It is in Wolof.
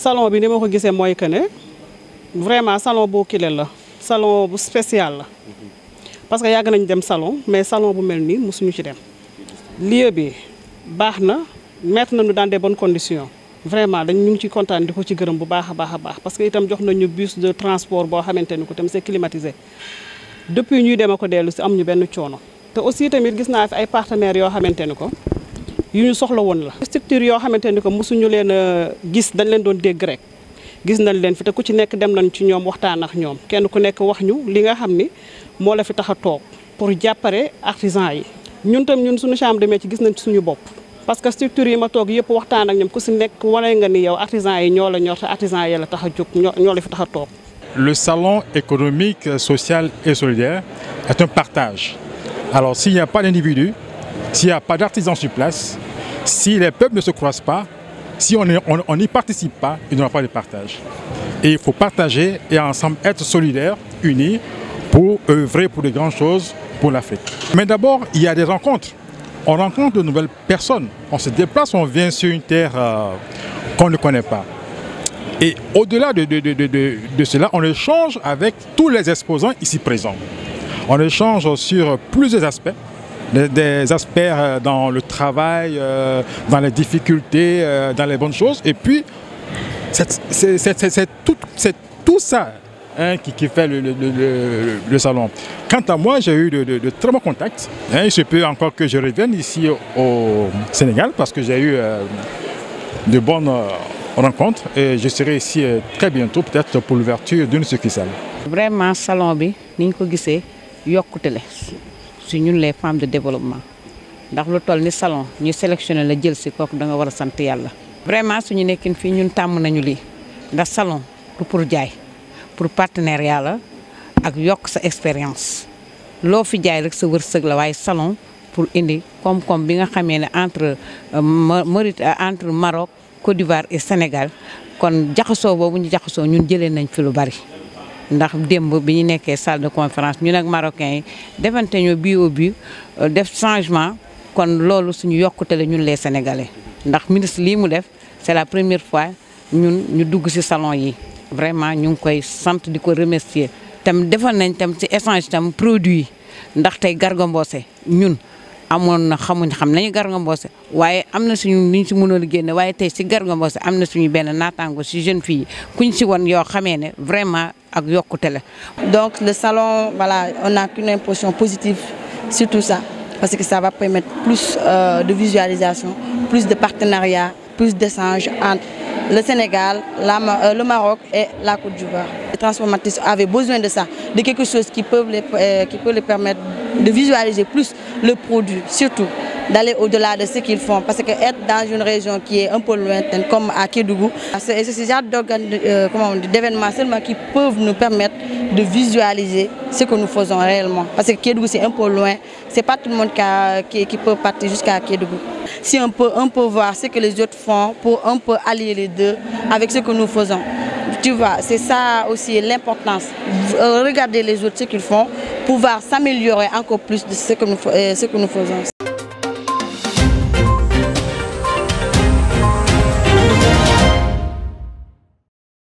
salon bi ni ma ko gisee moy que ne vraiment salon boo kilé la salon bu spécial la parce que yag nañ dem salon mais salon bu melni nii ci dem lieu bi baxna na mettre nañu dans des bonnes conditions vraiment dañ ñu ngi ci kontaan diko ci gërëm bu baax a baax parce que itam jox nañu bus de transport bo xamante ko tam c'est climatisé depuis ñuy dem a ko dellu si am ñu benn coono te aussi tamit gis na fi ay partenaires yo xamante ko yu soxla won la structure yo xamanteni ko musuñu leen gis dañ leen doon dégg rek gis nañ leen fi te ku ci nekk dem nañ ci ñoom waxtaan ak ñoom kenn ku nekk wax ñu li nga xam ni moo la fi tax a toog pour jàppare artisan yi ñun tam ñun suñu chambre de métier gis nañ ci suñu bopp parce que structure yi ma toog yëpp waxtaan ak ñoom ku si nekk wane nga ni yow artisan yi ñoo la ñor te artisan yi la tax a jóg ñoo la fi tax a toog Le salon économique, social et solidaire est un partage. Alors s'il n'y a pas d'individu, s'il n'y a pas d'artisans sur place, si les peuples ne se croisent pas, si on n'y participe pas, il n'y aura pas de partage. Et il faut partager et ensemble être solidaires, unis, pour œuvrer pour de grandes choses pour l'Afrique. Mais d'abord, il y a des rencontres. On rencontre de nouvelles personnes. On se déplace, on vient sur une terre euh, qu'on ne connaît pas. Et au-delà de, cela, on échange avec tous les exposants ici présents. On échange sur plusieurs aspects, des, aspects euh, dans le travail, euh, dans les difficultés, euh, dans les bonnes choses. Et puis, c'est tout, ça hein, qui, fait le, salon. Quant à moi, j'ai eu de, très bons contacts. Hein. il se peut encore que je revienne ici au Sénégal parce que j'ai eu de bonnes rencontres et je serai ici très bientôt peut-être pour l'ouverture d'une succursale. Vraiment, salon, si ñun les femmes de développement ndax lu toll ni salon ñu sélectionné la jël si kooku da nga war a sant yàlla. vraiment suñu nekkin fii ñun tàmm nañu lii ndax salon du pour jaay pour partenariat la ak yokk sa expérience loo fi jaay rek sa wërsëg la waaye salon pour indi koom-koom bi nga xamee ne entre euh, Maurit euh, entre Maroc Côte d'Ivoire et Sénégal kon jaxasoo boobu ñu jaxasoo ñun jëlee nañ fi lu bari ndax demb bi ñu nekkee salle de conférence ñun ak marocain yi defante ñu bii au but euh, def changement kon loolu suñu yokkute la ñun les sénégalais ndax ministre lii mu def c'est la première fois ñun ñu dugg ci salon yi vraiment ñu ngi koy sant di ko remercier tam defal nañ tam ci échange tam produit ndax tey Garga Mbossé ñun amoon na xamuñ xam nañu Garga Mbossé waye amna suñu niñ ci mënoon a waye tay ci qui Garga Mbossé amna suñu benn natango ci jeune fille kuñ ci won yo xamé né vraiment ak yokkute la. donc le salon voilà on n'a qu'une impression positive sur tout ça parce que ça va permettre plus euh, de visualisation plus de partenariat plus d'échanges entre le Sénégal, euh, le Maroc et la Côte d'Ivoire. Les transformatistes avaient besoin de ça, de quelque chose qui peut les, euh, qui peut les permettre de visualiser plus le produit, surtout d'aller au-delà de ce qu'ils font. Parce que être dans une région qui est un peu lointaine, comme à Kédougou, c'est ce genre euh, d'événements seulement qui peuvent nous permettre de visualiser ce que nous faisons réellement. Parce que Kédougou, c'est un peu loin. C'est pas tout le monde qui, peut partir jusqu'à Kédougou. Si on peut, un peu voir ce que les autres font pour un peu allier les deux avec ce que nous faisons. Tu vois, c'est ça aussi l'importance. Euh, regarder les autres, ce qu'ils font, pouvoir s'améliorer encore plus de ce que nous, euh, ce que nous faisons.